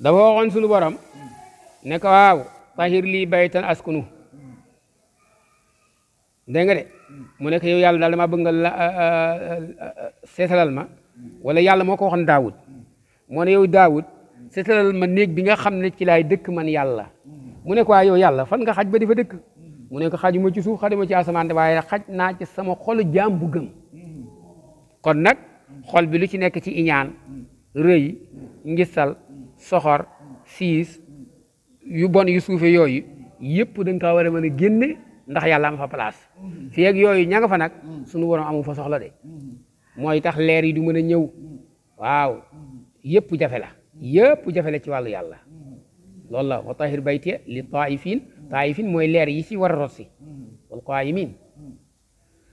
dafa waxoon suñu borom ne ko waaw lii baytan askunu dégg nga de mu nekk yow yàlla daal damaa bëgg nga la euh, euh, seetalal ma wala yàlla moo ko waxoon daawud moo ne yow daawud seetalal ma néeg bi nga xam ne ci laay dëkk man yàlla mu ne ko waaw yow yàlla fan nga xaj ba di fa dëkk mu ne ko xajuma ci suuf xajuma ci asamaan waaye xaj naa ci sama xolu jaam bu gëm kon nag xol bi lu ci nekk ci iñaan rëy ngisal soxor siis yu bon yu suufe yooyu yëpp da nga kaa war a mën a génne ndax yàlla am fa place fii ak yooyu ña nga fa nag suñu borom amu fa soxla de mooy tax leer yi du mën a ñëw waaw yëpp jafe la yëpp jafe la ci wàllu yàlla loolu la wa tahir baytiya li taifin taifin mooy leer yi si war a rossi wal qaimin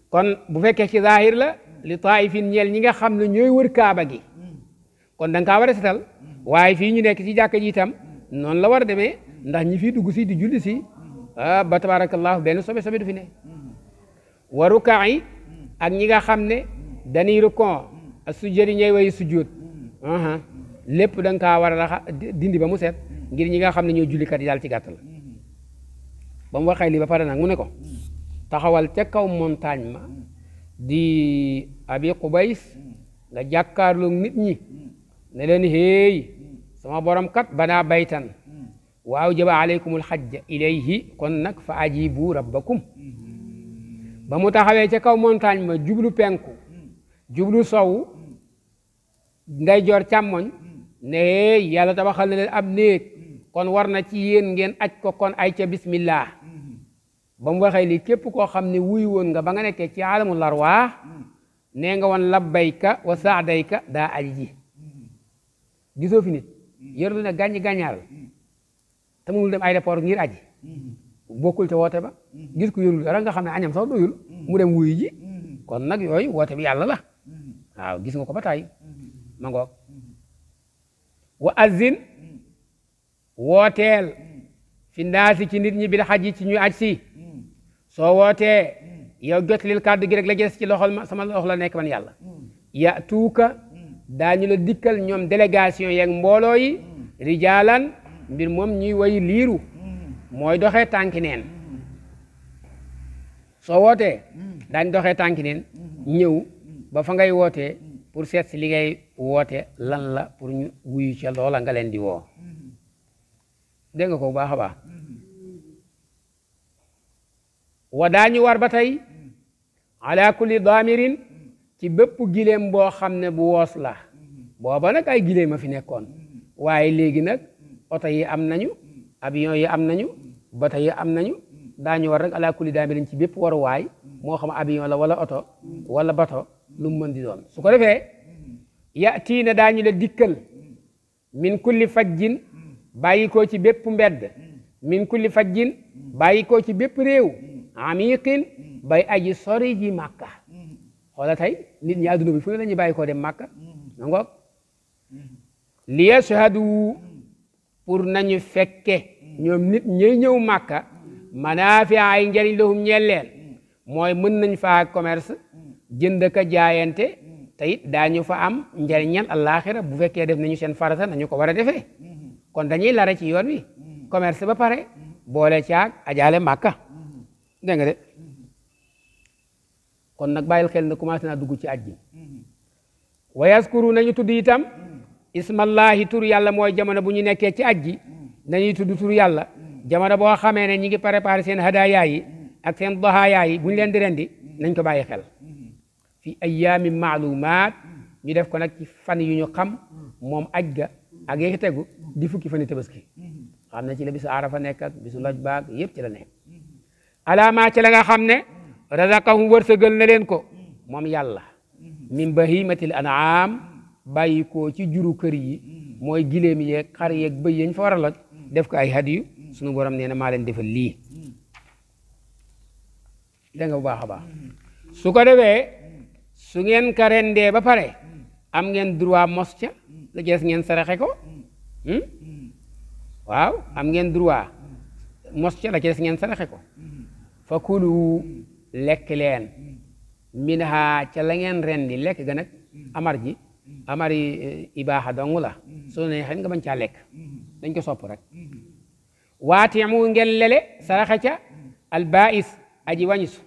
kon bu fekkee si zahir la li taifin ñeel ñi nga xam ne ñooy wër kaaba gi kon da nga kaa waaye fii ñu nekk ci jàkka ji itam noonu la war a demee ndax ñi fi dugg si di julli si ah ba tabarakallahu benn sobe sobe du fi ne wa rukaa ak ñi nga xam ne dañuy rukon su jëriñee way sujjóot lépp da nga kaa war a raxa dindi ba mu set ngir ñi nga xam ne ñoo jullikat yi daal ci gàttal ba mu waxee lii ba pare nag mu ne ko taxawal ca kaw montagne ma di abi qubays nga jàkkaarloog nit ñi ne leen héey sama borom kat banaa baytan mm. waaw jaba aleykum alxajja ilayhi kon nag fa ajibu rabbakum mm. ba mu taxawee ca kaw montagne ma jublu penku mm. jublu sow ndeyjoor càmmoñ ne héey yàlla tabaxal na leen ab néeg kon war na ci yéen ngeen aj ko kon ay ca bismillah ba mu waxee li képp koo xam ne wuy woon nga ba nga nekkee ci lar arwaax nee nga woon labbayka wa saadayka daa aji ji gisoo fi nit yor lu ne gàññi gàññaar la te mënul dem aéroport ngir aji bokkul ca woote ba gis ku yorul dara nga xam ne añam sax doyul mu dem wuyu kon nag yooyu woote bi yàlla la waaw gis nga ko ba tey ma wa azin wooteel fi ndaasi ci nit ñi bil xaji ci ñuy aj si soo wootee yow jotlil kàddu gi rek la gis ci loxol ma sama loxo la nekk man yàlla ya tuuka daañu la dikkal ñoom délégation yeeg mbooloo yi rijaalan mbir moom ñuy way liiru mooy doxe tànki neen soo wootee daañ doxe tànki neen ñëw ba fa ngay woote pour seet si li woote lan la pour ñu wuyu ca loola nga leen di woo dégg nga ko bu baax a baax wa war ba tey ala ci bépp gileem boo xam ne bu woos la booba nag ay gileem a fi nekkoon waaye léegi nag oto yi am nañu avion yi am nañu bato yi am nañu daañu war rek alaa kulli daamirin ci bépp waruwaay moo xam avion la wala oto wala bato lu mën di doon su ko defee yatiina daañu la dikkal min kulli fajjin bàyyi koo ci bépp mbedd min kulli fajjin bàyyi koo ci bépp réew amiqin bay aji sori ji màkka xoola tey nit ñi àdduna bi fu ne la ñuy bàyyi koo dem màkka mm-hmm. na ngoog mm-hmm. li yashhadu mm-hmm. pour nañu fekke ñoom nit ñay ñëw màkka manaafi ay njariñ lahum ñeel mooy mën nañ faa commerce jënd ka jaayante te daa daañu fa am njariñal àllaaxira bu fekkee def nañu seen farata nañu ko war a defee kon dañuy lare ci yoon wi commerce ba pare boole caag a màkka dégg nga de kon nag bàyyil xel na commencé naa dugg ci aj ji wa yaskuru nañu tudd itam ismallahi tur yàlla mooy jamono bu ñu nekkee ci aj ji nañuy tudd tur yàlla jamono boo xamee ne ñi ngi préparé seen hadaya yi ak seen dahaaya yi bu ñu leen di rendi nañ ko bàyyi xel fi ayyaami maalumaat ñu def ko nag ci fan yu ñu xam moom aj ga ak yéegi tegu di fukki fani tabaski xam ne ci la bisu arafa nekk ak bisu loj baag yëpp ci nekk alaamaa ci nga xam ne razaqahum wërsëgal na leen ko moom yàlla min bahimatil an'am bàyyi koo ci juru kër yi mooy gileem yeeg xar yeeg bëy yañ fa war a loj def ko ay hadiyu sunu borom nee na maa leen defal lii dégg nga bu baax a baax su ko defee su ngeen ka ba pare am ngeen droit mos ca la jees ngeen saraxe ko hmm? waaw am ngeen droit mos la jees ngeen saraxe ko fa kulu lekk leen minha ca la ngeen rendi lekk ga nag amar ji amari eh, ibaaxa dong la soo ne xen nga bañ caa lekk dañ ko sopp rek waatimu ngeen lele saraxa ca al bais aji wañisu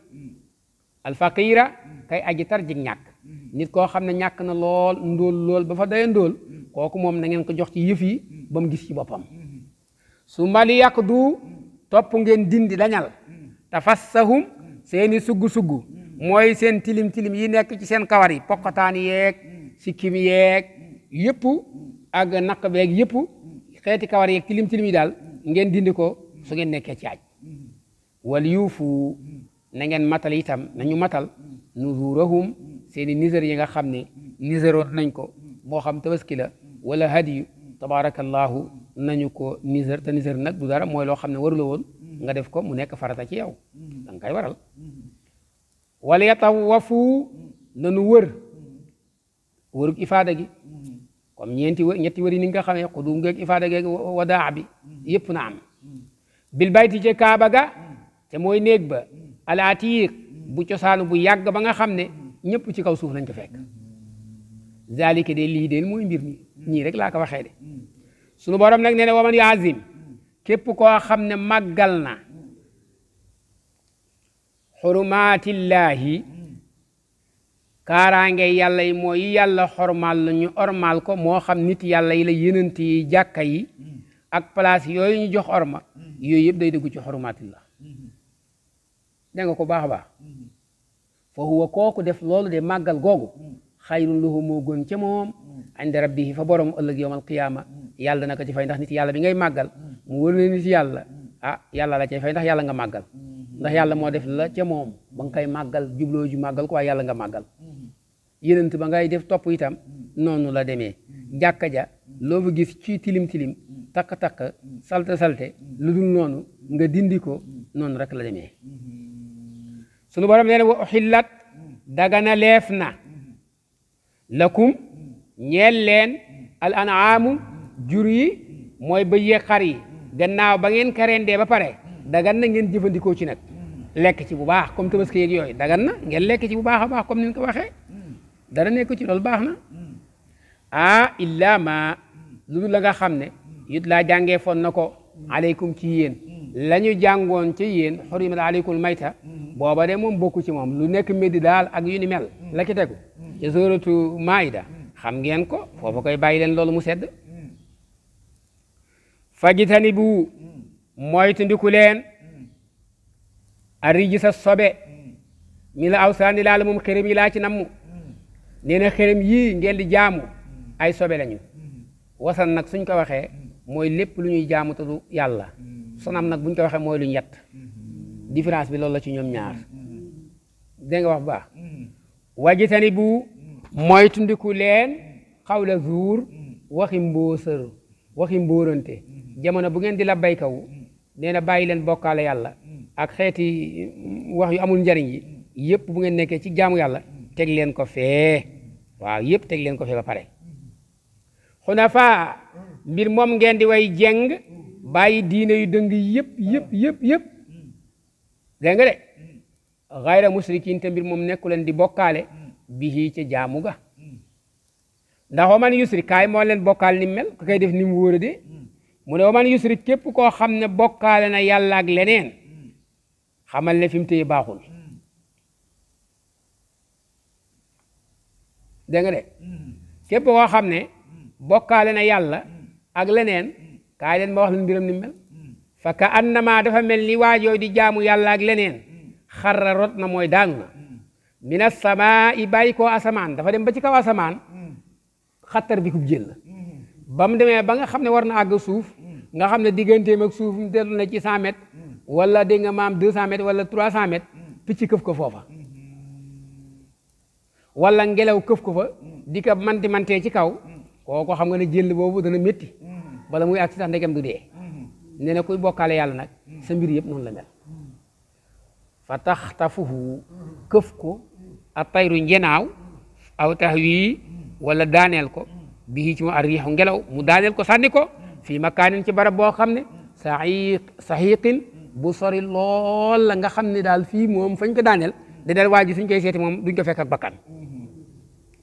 alfaqira kay aji tar jig ñàkk nit koo xam ne ñàkk na lool ndóol lool ba fa daya ndóol kooku moom na ngeen ko jox ci yëf yi ba mu gis ci boppam su mali yàq du topp ngeen dindi dañal tafassahum seeni sugg-sugg mooy seen tilim-tilim yi nekk ci seen kawar yi poqataan yeeg sikkim yeeg yëpp ak naq beeg yëpp xeeti kawar yeeg tilim-tilim yi daal ngeen dindi ko su ngeen nekkee ci aj wal yuufu na ngeen matal itam nañu matal nuzurahum seeni nisër yi nga xam ne nisëroon nañ ko moo xam tabaski la wala hadiyu tabaarakallahu nañu ko niser te niser nag du dara mooy loo xam ne warula woon nga def ko mu nekk farata ci yow mm-hmm. da nga koy waral wala yatawafu nanu wër mm-hmm. wërug ifaada gi mm-hmm. comme ñeenti wër ñetti wër yi ni nga ko xamee xudum geeg ifaada geeg wadaa bi yëpp na am bil bayti ca kaaba ga te mooy néeg ba al atiq bu cosaanu bu yàgg ba nga xam ne ñëpp ci kaw suuf nañ ko fekk zalika lii de mooy mbir mi ñii rek laa ko waxee de sunu borom nag nee na waman yaazim képp koo xam ne màggal na xurmaatillaahi kaaraange yàlla yi mooy yàlla xormaal la ñu ko moo xam nit yàlla yi la yenant ti jàkka yi ak place yooyu ñu jox orma yooyu yëpp day dugg ci xurmaatillah dégg ko baax a baax fa huwa kooku def loolu de màggal googu xayrun lahu moo gën ca moom inde rabbihi fa borom ëllëg yowmal qiyaama yàlla dana ko ci fay ndax nit yàlla bi ngay màggal mu wër ne nit yàlla ah yàlla la cay fay ndax yàlla nga màggal mm-hmm. ndax yàlla moo def la ca ba nga koy màggal jubloo ju màggal ko waaye yàlla nga màggal mm-hmm. yénant ba ngay def topp itam mm-hmm. noonu la demee jàkka ja loo fa gis ci tilim tilim takk-takk salte salte lu dul noonu nga dindi ko noonu rek la demee sunu borom nee na wa uxillat dagana leef na lakum ñeel leen al anaamu jur yi mooy ba yeeg xar yi gannaaw ba ngeen karendee ba pare dagan na ngeen jëfandikoo ci nag lekk ci bu baax comme tabaski yeeg yooyu dagan na ngeen lekk ci bu baax a baax comme ni nga ko dara nekk ci loolu baax na ah illa ma lu dul la nga xam ne it laa jàngee foon na ko aleykum ci yéen la ñu jàngoon ci yéen xurimat aleykum mayta booba de moom bokku ci moom lu nekk médi daal ak yu ni mel la ki tegu ci suratu maida xam ngeen ko foofu koy bàyyi leen loolu mu sedd fajitani bu moytu ndiku leen mm. a riji sa sobe mm. mi la aw saani laala moom xërëm yi laa ci namm mm. nee na xërëm yii ngeen di jaamu ay sobe lañu wasan nag suñ ko waxee mooy lépp lu ñuy jaamu tudd yàlla sonam nag buñ ko waxee mooy lu ñu yett différence bi loolu la ci ñoom ñaar dégg nga wax bu wajitani bu moytu ndiku leen xawla zuur waxi mbóosër waxi mbóorante jamono bu ngeen di la bay kaw nee na bàyyi leen bokkaale yàlla ak xeeti mm, wax yu amul njariñ yi yëpp bu ngeen nekkee ci jaamu yàlla teg leen ko fee waaw yëpp teg leen ko fee ba pare xunafaa mbir moom ngeen di way jeng bàyyi diine yu dëng yëpp yëpp yëpp yëpp dégg nga de xayra musrikin te mbir moom nekku leen di bokkaale bi bihi ca jaamu ga ndax man yusri kaay moo leen bokkaal ni mel ku def ni mu wóor de mu ne wa man yusrik képp koo xam ne bokkaale na yàlla ak leneen xamal ne fi mu téye baaxul dégg képp koo xam ne bokkaale na yàlla ak leneen kaay leen ma wax leen mbiram ni mel fa ka annama dafa mel ni waajooy di jaamu yàlla ak leneen xarra rot na mooy daanu na mina sama i bàyyi koo asamaan dafa dem ba ci kaw asamaan xattar bi kub jël la ba mu demee ba nga xam ne war na àgg suuf nga xam ne digganteem ak suuf mu dellu na ci 100 mètres hmm. wala dégg nga maam 200 mètres wala 300 picc hmm. këf ko foofa wala ngelaw këf ko fa hmm. di ko manti mantee ci kaw kooko xam nga ne jël boobu dana métti bala muy agsi sax ndegem du dee nee na kuy bokkaale yàlla nag sa mbir yëpp noonu la mel fa tax tafuhu këf ko a tayru njenaaw aw tax wii wala daaneel ko bii ci mu ar riixu ngelaw mu daaneel ko sànni ko fii makaanin ci barab boo xam ne saxiiq saxiiqin bu sori lool la nga xam ne daal fii moom fañ ko daaneel da daal waa ji suñ koy seeti moom duñ ko fekk ak bakkan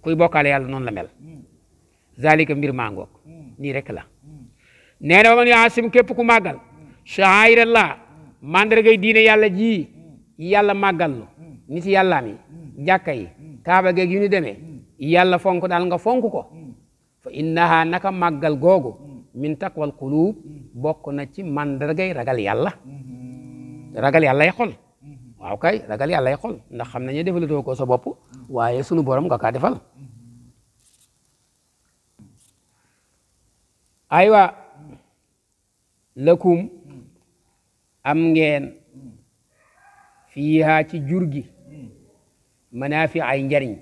kuy bokkaale yàlla noonu la mel zalika mbir mangoog nii rek la nee na waman yaasim képp ku màggal sha'airallah mandargay diine yàlla ji yàlla màggal lu nit yàllaam yi jàkka yi kaaba geeg yu ni demee yàlla fonk daal nga fonk ko fa innaha naka màggal googu min taqwal qulub bokk na ci mandargay ragal yàlla ragal yàllay xol waaw kay ragal yàllay xol ndax xam nañu defalatoo ko sa bopp waaye sunu borom nga kaa defal aywa lakum am ngeen fiihaa ci jur gi manaafi ay njariñ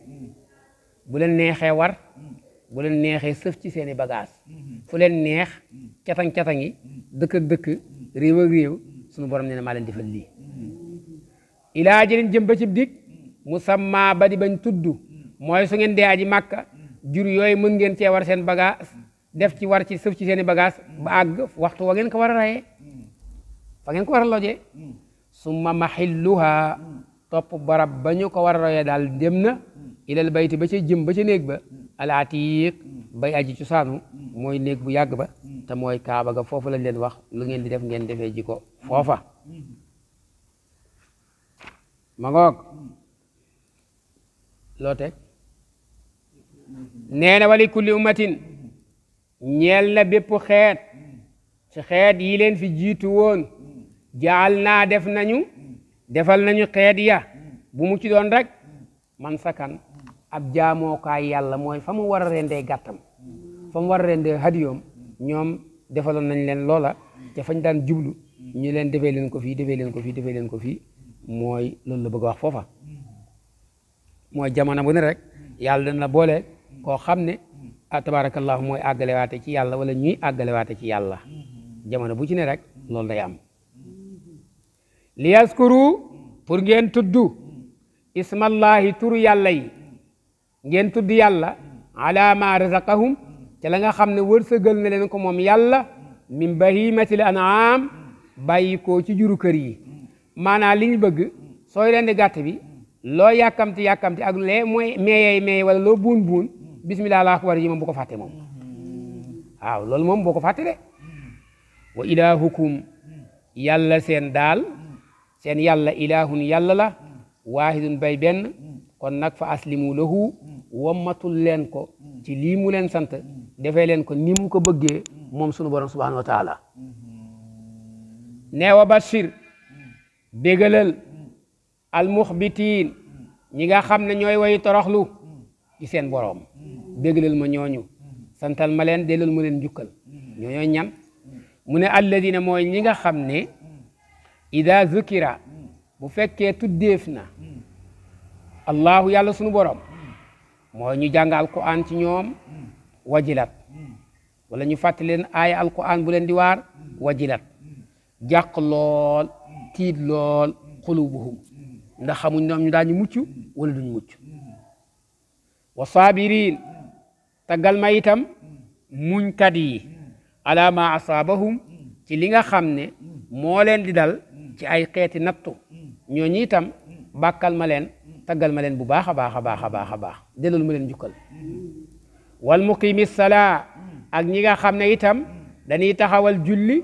bu leen neexee war bu leen neexee sëf ci seen i bagage mm-hmm. fu leen neex mm-hmm. catang-catang mm-hmm. dëkk dëkk réew ak réew suñu borom nee na maa leen defal lii ilaa jëleen jëm ba ci dig musamma ba di bañ tudd mooy su ngeen dee aji màkka jur yooyu mën ngeen cee war seen bagage def ci war ci sëf ci seen i bagage ba àgg waxtu wa ngeen ko war a rayee fa ngeen ko war a lojee summa maxilluha topp barab ba ñu ko war a rayee daal dem na ilal bayti ba ca jëm ba ca néeg ba alaatiik bay aji cosaanu mooy néeg bu yàgg ba te mooy kaaba ga foofu lañ leen wax lu ngeen di def ngeen defee ji ko foofa ma ngoog loo teg nee na wali kulli ummatin ñeel na bépp xeet ci xeet yi leen fi jiituwoon jaal naa def nañu defal nañu xeet ya bu mu ci doon rek man sakan ab jaamookaay yàlla mooy fa mu war a rendee gàttam fa mu war a rendee hadiyoom ñoom defaloon nañ leen loola ca fañ daan jublu ñu leen defee leen ko fii defee leen ko fii defee leen ko fii mooy loolu la bëgg wax foofa mooy jamono bu ne rek yàlla dana na boole koo xam ne ah tabaarakallahu mooy àggalewaate ci yàlla wala ñuy àggalewaate ci yàlla jamono bu ci ne rek loolu day am liyaskuru pour ngeen tudd ismallahi tur yàlla ngeen tudd yàlla ala ma razaqahum ci la nga xam ne wërsëgal na leen ko moom yàlla min bahimatil an'am bàyyi ko ci juru kër yi maanaam li ñu bëgg sooy rendi gàtt bi loo yàkkamti yàkkamti ak lee mooy meeyey meey wala loo buun buun bismillah allahu akbar yi moom bu ko fàtte moom waaw loolu moom boo ko fàtte de wa ilaahukum yàlla seen daal seen yàlla ilaahun yàlla la waahidun bay benn kon nag fa aslimu lahu wommatul leen ko ci lii mu leen sant defee leen ko ni mu ko bëggee moom sunu borom subhanahu wa taala nee wa bashir bégalal ñi nga xam ne ñooy wayu toroxlu ci seen boroom bégalal ma ñooñu santal ma leen dellal ma leen njukkal ñooñooy ñan mu ne alladina mooy ñi nga xam ne ida zukira bu fekkee tuddeef na allahu yàlla sunu borom mooy ñu jàng alquran ci ñoom wa wajilat wala ñu fàttali leen aaya alquran bu leen di waar wajilat jàq lool tiit lool xulubuhum ndax xamuñ ñu daañu mucc wala duñ mucc wa saabiriin taggal ma itam muñkat yi ala ma asaabahum ci li nga xam ne moo leen di dal ci ay xeeti nattu ñooñu itam bakkal ma leen taggal ma leen bu baa a baax a baax a baax a baax dellul ma leen njukkal wal muqimi salaa ak ñi nga xam ne itam dañuy taxawal julli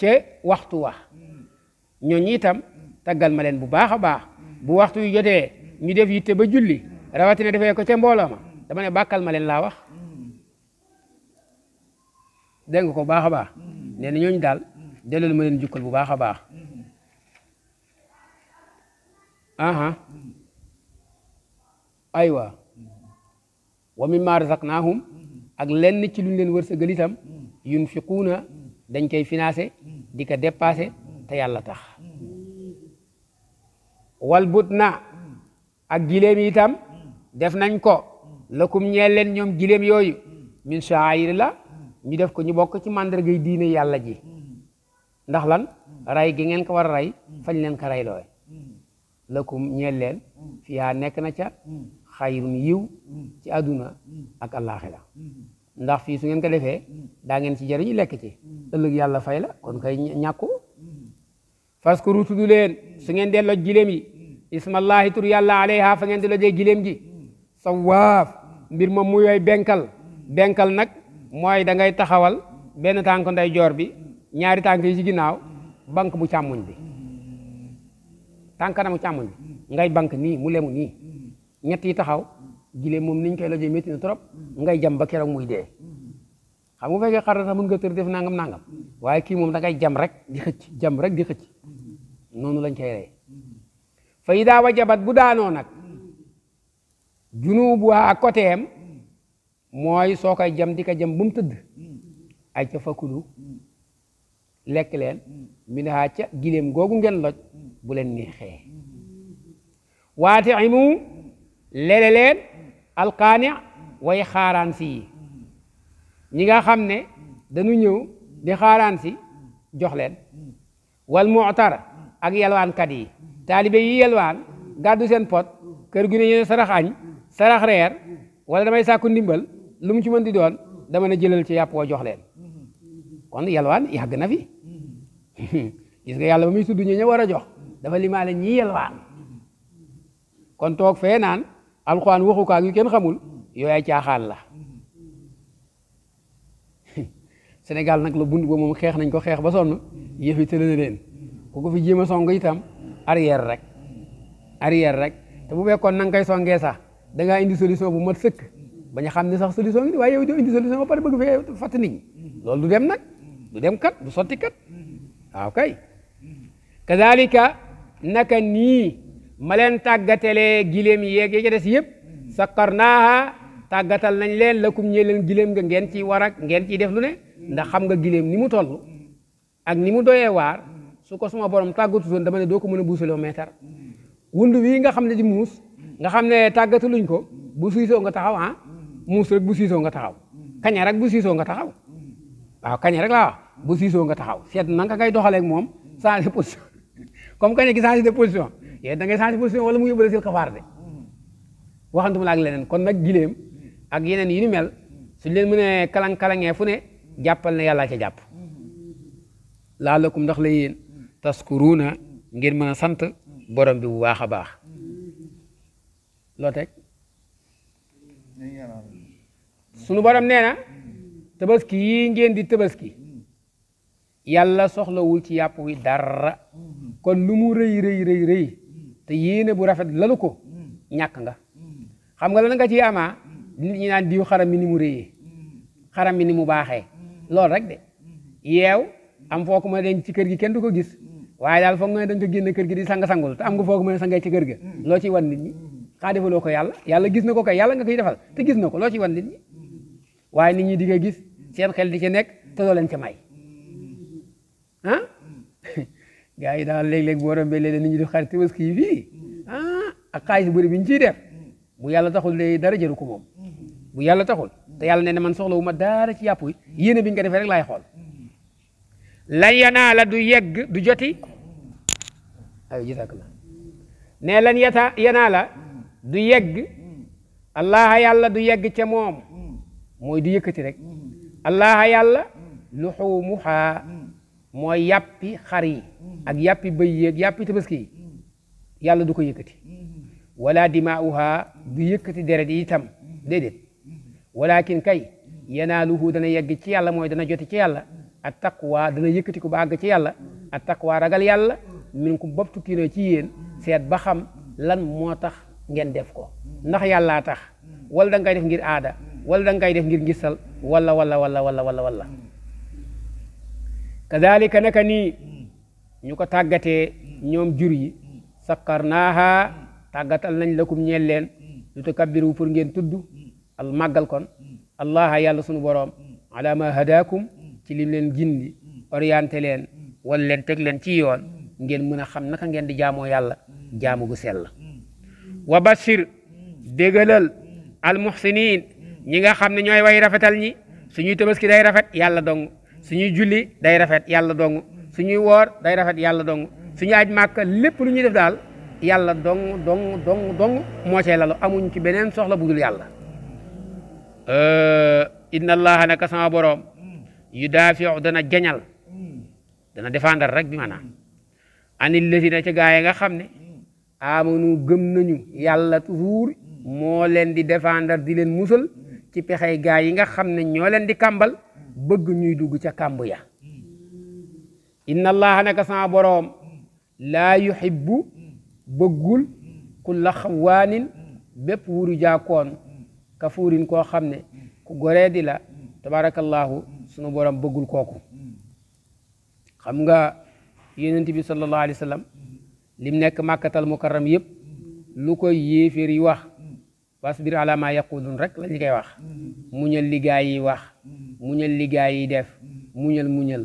ca waxtu wa ñooñu itam taggal ma leen bu baax a baax bu waxtu yu jotee ñu def yitte ba julli rawatina defee ko ca mbooloo ma dama ne bàkkal ma leen laa wax ko baax a baax nee na ñooñu daal dellul ma leen njukkal bu baax a baax aha aywa wa mimmaa razaqnaahum ak lenn ci luñ leen war wërsëgal itam yunfiquuna dañ koy financé di ko dépassé te yàlla tax wal na ak gileem yi itam def nañ ko lakum ñeel leen ñoom gileem yooyu min shaa'ir la ñu def ko ñu bokk ci màndargay diine yàlla ji ndax lan ray gi ngeen ko war a rey fañ leen ko rey looy lakum ñeel leen mm. fiyaa nekk na ca mm. xayrun yiw mm. ci àdduna ak àllaaxira ndax fii su ngeen ko defee daa ngeen si jëriñu lekk ci ëllëg yàlla fay la kon kay ñàkku faskuru tudd leen su ngeen delloo giléem yi ismallahi tur yàlla alayha fa ngeen di lojee giléem gi sawaaf mbir ma mu yooy benkal benkal nag mooy da ngay taxawal benn tànk ndeyjoor bi ñaari tànk yi ci ginnaaw banque bu càmmuñ bi tànk kanamu càmmoñ bi ngay bank nii mu lemu nii ñett yi taxaw gileem moom niñ koy lojee métti na trop ngay jam ba keroog muy dee xam nga fekkee xar sax mën nga tër def nangam nangam waaye kii moom da ngay jam rek di xëcc rek di noonu lañ koy rey fa idaa wajabat bu daanoo nag junub waa côté mooy soo koy jam di ko jam ba mu tëdd ay ca fakulu lekk leen min haa ca gileem googu ngeen loj bu leen neexee waatiimu lele leen alqaani way xaaraan si yi ñi nga xam ne dañu ñëw di xaaraan si jox leen wal mu'tar ak yalwaankat yi taalibe yi yelwaan gàddu seen pot kër gu ne ñu sarax añ sarax reer wala damay sàkku ndimbal lu mu ci mën di doon dama ne jëlal ci yàpp woo jox leen kon yelwaan yàgg na fi gis nga yàlla ba muy tudd ñi ñu war a jox dafa limaale ñi yelwaan kon toog fee naan alxuraan waxukaak yu kenn xamul yooyaay caaxaan la Sénégal nag la bund ba moom xeex nañ ko xeex ba sonn yëf yi tële na ko fi jéem a song itam arrière rek arrière rek te bu fekkoon na nga koy songee sax danga ngaa indi solution bu mat sëkk bañ xam ne sax solution bi waaye yow doo indi solution ba pare bëgg fee fàtt nit ñi du dem nag du dem kat du sotti kat waaw kay kazalika naka nii ma leen tàggatalee gileem yeeg yi ca des yëpp sakkarnaaha tàggatal nañ leen lakum ñee leen gileem nga ngeen ci war ak ngeen ciy def lu ne ndax xam nga gileem ni mu toll ak ni mu doyee waar su ko suma borom tàggatutoon dama ne doo ko mën a buusaloo meetar wund wii nga xam ne di muus nga xam ne tàggatuluñ ko bu siisoo nga taxaw ah muus rek bu siisoo nga taxaw kaña rek bu siisoo nga taxaw waaw kaña rek laa bu siisoo nga taxaw seet na nga ngay doxaleeg moom sans comme que ne ki changé de position yéen da ngay changé position wala mu yóbbale sil xafaar de waxantuma la ak leneen kon nag gileem ak yeneen yu ni mel suñ leen mënee kalang kalangee fu ne jàppal na yàllaa ca jàpp laalakum ndax la yéen taskuruuna ngir mën a sant borom bi bu baax a baax loo teg sunu borom nee na tabaski yi ngeen di tabaski yàlla soxlawul ci yàpp wi dara kon lu mu rëy rëy rëy rëy te yéene bu rafet lalu ko ñàkk nga xam nga lan nga ci amaa nit ñi naan diw xaram mi ni mu rëyee xaram mi ni mu baaxee loolu rek de yeew am foo ko mën a denc ci kër gi kenn du ko gis waaye daal foog nga ne da nga génn kër gi di sang-sangul te am nga foo ko mën a sangee ci kër ga loo ciy wan nit ñi xaa defaloo ko yàlla yàlla gis na ko kay yàlla nga koy defal te gis na ko loo ciy wan nit waaye nit ñi di nga gis seen xel di ci nekk te doo leen ca may gars yi daal léeg-léeg boo rombee léeg-léeg nit ñi di xarit tabaski yi fii ah ak xaalis bu bëri bi ñu ciy def bu yàlla taxul de dara jëru ko moom bu yàlla taxul te yàlla ne na man soxla wu ma dara ci yàpp wi yéene bi ñu ko defee rek laay xool lan yanaa du yegg du joti ay jitak la ne lan yata yanaa du yegg allah yàlla du yegg ca moom mooy du yëkkati rek allah yàlla luxuumuhaa mooy yàppi xar yi ak yàppi bëy yi ak yàppi tabaski yi yàlla du ko yëkkati wala dimaauha du yëkkati deret yi itam walaa walakin kay yanaaluhu dana yegg ci yàlla mooy dana joti ci yàlla at taqwa dana yëkkati ku ba àgg ci yàlla at taqwa ragal yàlla min ku bopp tukki na ci yéen seet ba xam lan moo tax ngeen def ko ndax yàllaa tax wala da ngay def ngir aada wala da ngay def ngir ngisal wala wala wala wala wala wala kadalika naka nii mm. ñu ko tàggatee mm. ñoom jur yi mm. sakkarnaaha tàggatal nañ lakum ñeel leen lu tukabbiru pour ngeen tudd al màggal kon allaha yàlla sunu boroom ala ma hadakum ci lim leen gindi orienté leen wala leen teg leen ci yoon ngeen mën a xam naka ngeen di jaamoo yàlla jaamu gu sell wa bashir dégalal al muhsinin ñi nga xam ne ñooy way rafetal ñi suñuy tabaski day rafet yàlla dong suñuy julli day rafet yàlla dong suñuy woor day rafet yàlla dong suñu aj màkka lépp lu ñuy def daal yàlla dong dong dong dong moo cee lalu amuñ ci beneen soxla bu dul yàlla euh, inna allaha naka sama boroom yu daafiu dana jañal dana défendre rek bi maanaam anil lazina ca gaa yi nga xam ne amanu gëm nañu yàlla toujours moo leen di di leen musal ci pexey gaa yi nga xam ne ñoo leen di kàmbal bëgg ñuy dugg ca kàmb ya inna allaha naka sama boroom laa yuhibbu bëggul kulla xawaanin bépp wuru jaakoon kafuurin koo xam ne ku goree di la tabarakallahu sunu boroom bëggul kooku xam nga yonent bi sallallahu alayhi sallam lim nekk màkkatal mukarram yëpp lu koy yéeféer yi wax wasbir ala ma yaqulun rek lañu koy wax mm-hmm. muñal li gaa yi wax mm-hmm. muñal li yi def mm-hmm. muñal muñal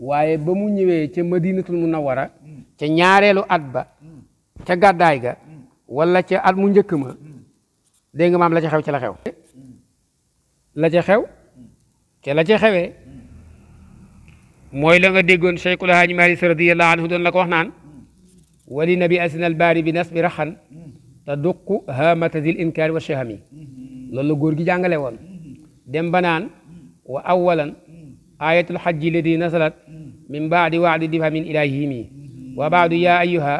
waaye ba mu ñëwee ca madinatul munawwara ca ñaareelu at ba ca gàddaay ga wala ca at mu njëkk ma dégg nga maam la ca xew ca la xew la ca xew ca la ca xewee mooy la nga déggoon cheikhul haaji maris radiyallahu anhu doon la ko wax naan wali nabi asinal baari bi nas bi raxan te duq hamatadil inkaari wa shahami loolu la góor gi jàngale woon dem banaan wa awalan ayatul xajji lati nasalat min baadi waadi difhamin ilahimi wa baadu yaa ayuha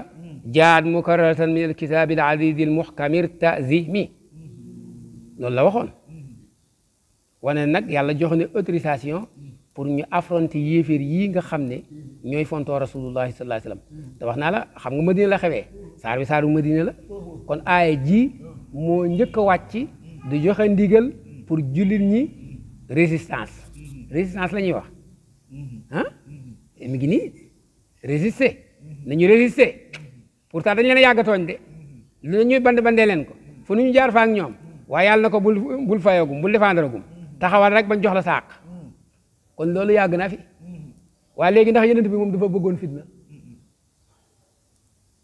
jaat mukarraratan min alkitaabi alazizi almuxkamir tazimi loolu la waxoon wane nag yàlla jox ne autorisation pour ñu affronter yéeféer yii nga xam ne ñooy fontoo rasulullahi sallallahu alayhi wasallam te wax naa la xam nga madina la xewee saar bi saaru madina la kon aaya jii moo njëkk a wàcc di joxe ndigal pour jullit ñi résistance résistance la ñuy wax ah mi ngi nii résister nañu résister pourtant dañ leen a yàgg tooñ de lu ñuy band bandee leen ko fu ñu jaar faak ñoom waaye yàlla na ko bul bul fayagum bul defandaragum taxawal rek bañ jox la saak kon loolu yàgg na fi waaye léegi ndax yonent bi moom dafa bëggoon fitna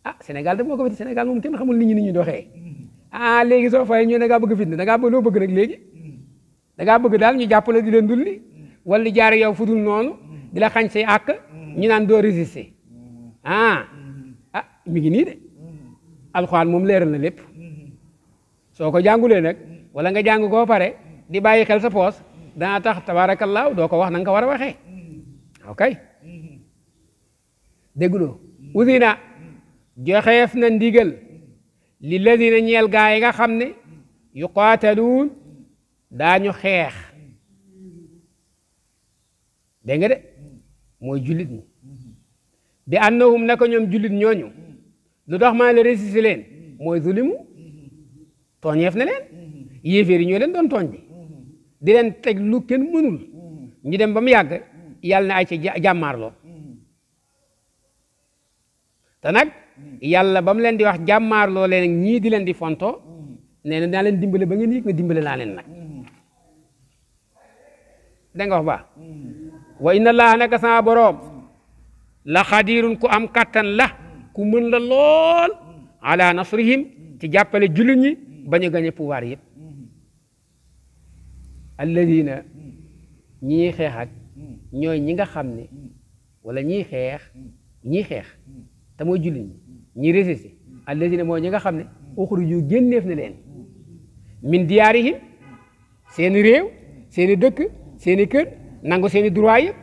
ah senegal daf moo ko fi Sénégal moom kenn xamul nit ñi ni ñuy doxee a ah, léegi soo fa ñu da ngaa bëgg fitna da ngaa bëgg bëgg nag léegi da ngaa bëgg daal ñu jàppale di leen dul wala di jaar yow fudul noonu di la xañ say àq ñu naan doo résister ah ah mi ngi nii de alxuraan moom leeral na lépp soo ko jàngulee nag wala nga jàng koo pare di bàyyi xel sa poos dana tax tabaarakallaahu doo ko wax na nga ko war a waxee ok dégguloo usina joxeef na ndigal li lazina ñeel gaa yi nga xam ne yuqaataluun daañu xeex dégg nga de mooy jullit ñi bi annahum naka ñoom jullit ñooñu lu dox maa la résisté leen mooy zulimu tooñeef na leen yéeféer yi ñoo leen doon bi di leen teg lu kenn mënul ñu dem ba mu yàgg yàlla ne ay ci jàmmaarloo te nag yàlla ba mu leen di wax jàmmaarloo leen ñii di leen di fonto nee na naa leen dimbale ba ngeen yëg ne dimbale naa leen nag denga wax ba wa inna allaha naka sama boroom la xadirun ku am kattan la ku mën la lool ala nasrihim ci jàppale jullit ñi bañ a gañe pouvoir yëpp alladina ñi ñuy xeex ak mm. ñooy ñi nga xam ne mm. wala ñiy xeex mm. ñiy xeex te mooy julli ñi ñi résisté alladina mooy ñi nga xam ne uxruju génneef ne leen min diyaarihim seeni réew seeni dëkk seeni kër nangu seeni droit yëpp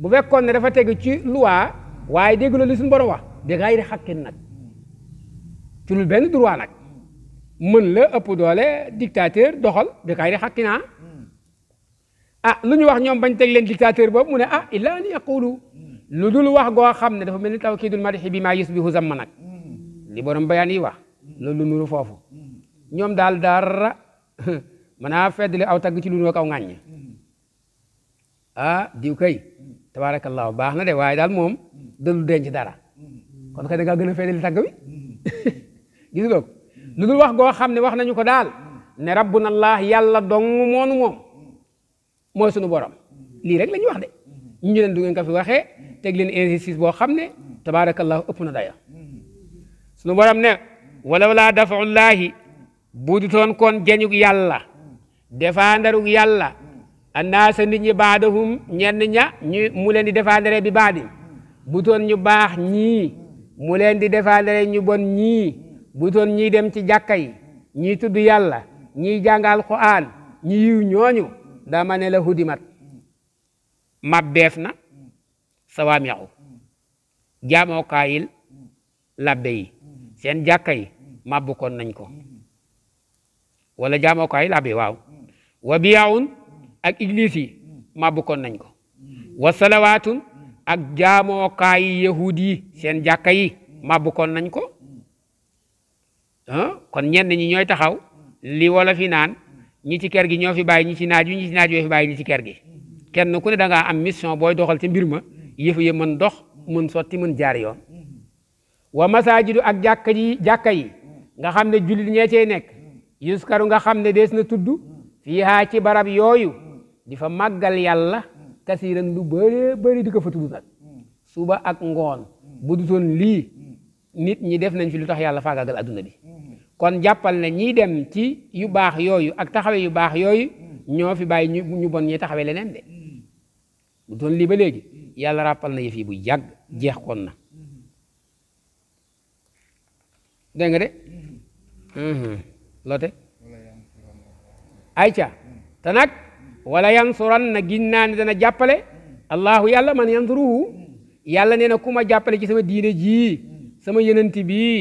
bu fekkoon ne dafa tegu ci loi waaye dégg loolu suñu borom wax bi gayri xaqin nag ci lu benn droit nag mën la ëpp doole dictateur doxal bi gayri xaqinaa ah lu ñu wax ñoom bañ teg leen dictateur boobu mu ne a ah, illa an yaqulu lu dul wax goo xam ne dafa mel ni ma madhi bi maa yusbihu zamma nag li borom bayaan yi wax loolu nuru foofu ñoom daal dara manaa feddli aw tagg ci lu ñu ak aw ŋàññ ah diw kay tabaarakallaahu baax na de waaye daal moom dalu denc dara kon kay da gën a feddli tagg wi gis nga lu dul wax goo xam ne wax nañu ko daal ne rabbuna allah yàlla dong moonu moom mooy sunu borom lii rek la ñuy de ñu leen du ngeen ko fi waxee teg leen injustice boo xam ne tabaarakallahu ëpp na daya sunu borom ne walaw laa dafaullaahi buudu kon jañug yàlla defaandarug yàlla annaasa nit ñi baadahum ñenn ña ñu leen di defaandare bi baadin bu toon ñu baax ñii mu di defaandare ñu bon ñii bu toon ñii dem ci jàkka yi ñii tudd yàlla ñii jàngal Qur'an ñi yiw dama ne la hudimat mabbeef na sawaami'u jaamokaayil labbe yi seen jàkka yi mabbu kon nañ ko wala jaamokaayil labbe waaw wa biyaawun ak ijlis yi mabbu kon nañ ko wa salawaatun ak jaamookaay yahud yi seen jàkka yi mabbu kon nañ ko kon ñenn ñi ñooy taxaw li wala fi naan ñi ci kër gi ñoo fi bàyyi ñi ci naaj wi ñi ci naaj yoo fi bàyyi ñi ci kër gi kenn ku ne da ngaa am mission booy doxal ci mbir ma yëfu yi mën dox mën sotti mën jaar yoon wa masaajidu ak jàkka yi jàkka yi nga xam ne jullit ñee cey nekk yuskaru nga xam ne dees na tudd fiihaa ci barab yooyu di fa màggal yàlla kasiiran lu bëree bëri di ko fa tudd nag suba ak ngoon bu dutoon lii nit ñi def nañ fi lu tax yàlla faagaagal adduna bi kon jàppal na ñiy dem ci yu baax yooyu ak taxawe yu baax yooyu ñoo fi bàyyi ñu bon ñi taxawe leneen de bu doon lii ba léegi yàlla ràppal na yëf yi bu yàgg jeex koon na dégg nga de mhm. loote ayca te nag wala yansuran na gin naa ne dana jàppale allahu yàlla man yansuruhu yàlla nee na ku ma jàppale ci sama diine ji sama yenanti bii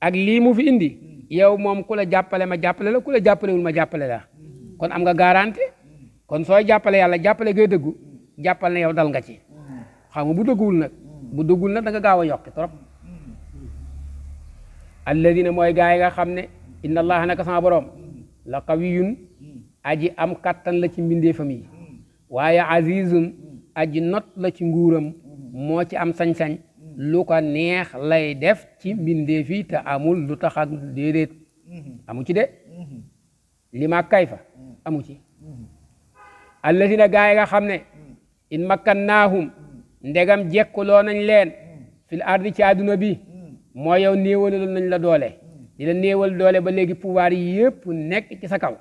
ak lii mu fi indi yow moom ku la jàppale ma jàppale la ku la jàppalewul ma jàppale la kon am nga garanti kon sooy jàppale yàlla jàppale ngay dëggu jàppale na yow dal nga ci xam nga bu dëgguwul nag bu dëgguwul nag danga nga a yokki trop alladina mooy gaa yi nga xam ne inna allaha naka sama borom la qawiyun aji am kattan la ci mbindeefam yi waaye azizun aji not la ci nguuram moo ci am sañ-sañ lu ko neex lay def ci mbindeef yi te amul lu tax ak déedéet mhm. amu ci de mhm. li ma kay fa mhm. amu ci allazina gaa yi nga xam ne in makkannaahum ndegam jekkuloo nañ leen fil ardi ci àdduna bi moo yow néewalaloon nañ la doole di la néewal doole ba léegi pouvoir yi yëpp nekk ci sa kaw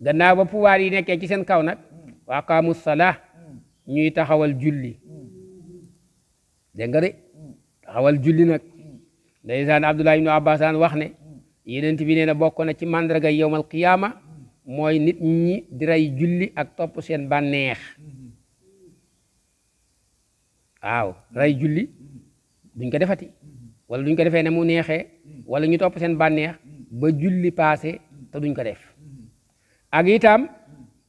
gannaaw ba pouvoir yi nekkee ci seen kaw nag wa aqaamu salaa ñuy taxawal julli dégg nga de taxawal julli nag ndeysaan Abdullah ibnu Abbasaan wax ne yenent bi nee na bokk na ci màndarga yowmal qiyaama mooy nit ñi di rey julli ak topp seen bànneex waaw rey julli duñ ko defati wala duñ ko defee ne mu neexee wala ñu topp seen bànneex ba julli paase te duñ ko def ak itam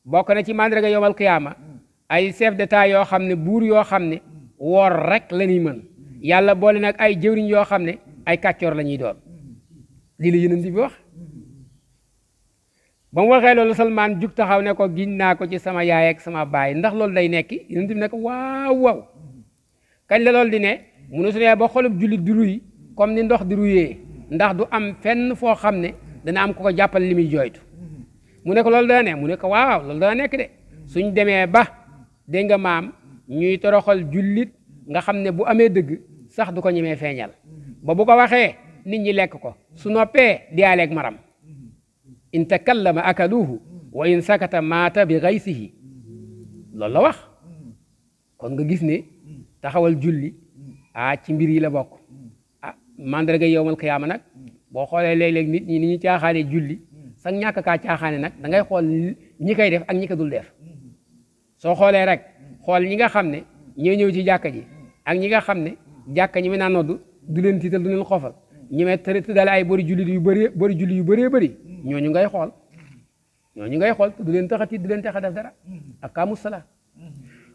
bokk na ci màndarga yowmal qiyaama ay chef d'état yoo xam ne buur yoo xam ne woor rek la ñuy yàlla boole nag ay jëwriñ yoo xam ne ay kàccoor la ñuy doon lii la yonent bi wax ba mu waxee loolu Salmaan jug taxaw ne ko giñ naa ko ci sama yaay ak sama baay ndax loolu day nekk yonent bi ne ko waaw waaw kañ la loolu di ne mu ne su nee ba xolub jullit di ruy comme ni ndox di ruyee ndax du am fenn foo xam ne dana am ko ko jàppale li muy jooytu mu ne ko loolu dana ne mu ne ko waaw loolu nekk de suñ demee ba dégg nga maam ñuy toroxal jullit nga xam ne bu amee dëgg sax du ko ñemee feeñal ba bu ko waxee nit ñi lekk ko su noppee diyaaleeg maram in takallama akaluuhu wa in sakata maata bi gaysihi loolu la wax kon nga gis ne taxawal julli ah ci mbir yi la bokk ah mandarga yowmal ma nag boo xoolee léeg-léeg nit ñi ni ñu caaxaane julli sax ñàkk kaa caaxaane nag dangay xool ñi koy def ak ñi ko def soo xoolee rek xool ñi nga xam ne ñoo ñëw ci jàkka ji ak ñi nga xam ne jàkka ñi mën naa noddu du leen tiital du leen xoofal ñi may tëddale ay bori jullit yu bëree bori jullit yu bëree bëri ñooñu ngay xool ñooñu ngay xool du leen tax a tiit du leen tax a def dara ak kaamu sala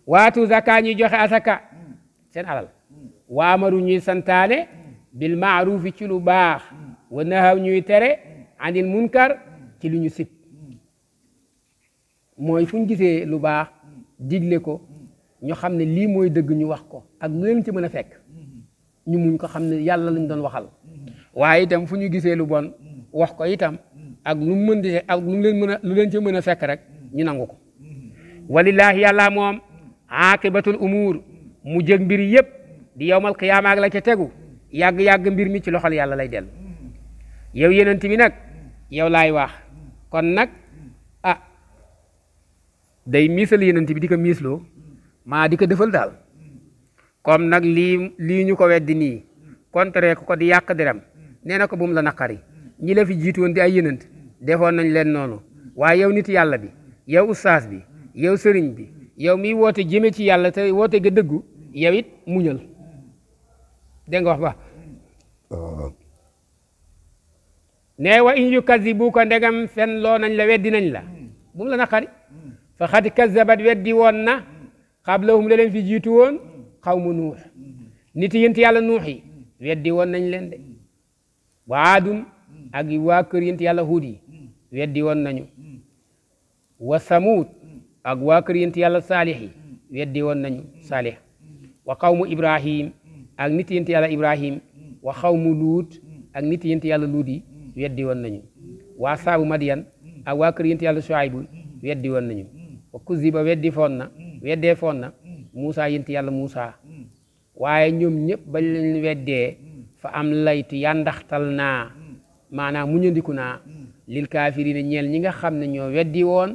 waatu zaka ñuy joxe asaka seen alal waamaru ñuy santaane bil maarufi ci lu baax wa nahaw ñuy tere anil munkar ci lu ñu sib mooy fu ñu gisee lu baax digle ko ñu xam ne lii mooy dëgg ñu wax ko ak nu leen ci mën a fekk mm-hmm. ñu ko xam ne yàlla lañ doon waxal mm-hmm. waaye itam fu ñu gisee lu bon mm-hmm. wax ko itam ak lu mën di ak lu leen mën a lu leen ci mën a fekk rek ñu nangu ko walillaahi yàlla moom aqibatul umuur mu jëg mbir yëpp di yowmal qiyaama ak la ca tegu yàgg-yàgg mbir mi ci loxol yàlla lay dellu yow yenent bi nag yow laay wax kon nag ah day miisal yenent bi di ko miisloo maa di ko defal daal comme nag lii lii ñu ko weddi nii contraire ko di yàq deram nee na ko bu la naqari ñi la fi jiitoon di ay yënant defoon nañ leen noonu waaye yow nit yàlla bi yow ustaas bi yow sëriñ bi yow mi woote jëme ci yàlla te woote ga dëggu yow it muñal dégg nga wax ba ne wa in yukazzibuka ndegam fen loo nañ la weddi nañ la bu mu la naqari fa xad kazzabat weddi woon na qablahum la leen fi jiitu woon xawmu nuux nit yent yàlla nuux yi weddi woon nañ leen de waadun ak waa kër yent yàlla huud yi weddi woon nañu wa samuud ak waa kër yent yàlla saalix yi weddi woon nañu saalix wa xawmu ibrahim ak nit yent yàlla ibrahim wa xawmu luut ak nit yent yàlla luut yi weddi woon nañu waa saabu madiyan ak waa kër yent yàlla shuaybu weddi woon nañu wa kuziba weddi foon weddee foon na Moussa yénti yàlla Moussa waaye ñoom ñëpp bañ leen weddee fa am laytu yàndaxtal naa maanaam muñandiku naa lil kaafiriina ñeel ñi nga xam ne ñoo weddi woon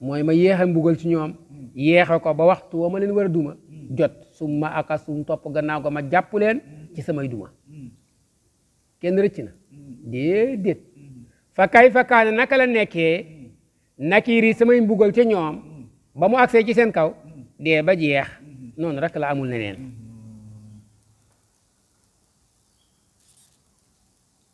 mooy ma yéex a mbugal ci ñoom yéexe ko ba waxtu wa ma leen war a duma jot su ma aka sum topp gannaaw ko ma jàpp leen ci samay duma kenn rëcc na déedéet fa kay fa kaane naka la nekkee nakiri samay mbugal ca ñoom ba mu agsee ci seen kaw dee ba jeex noonu rek la amul leneen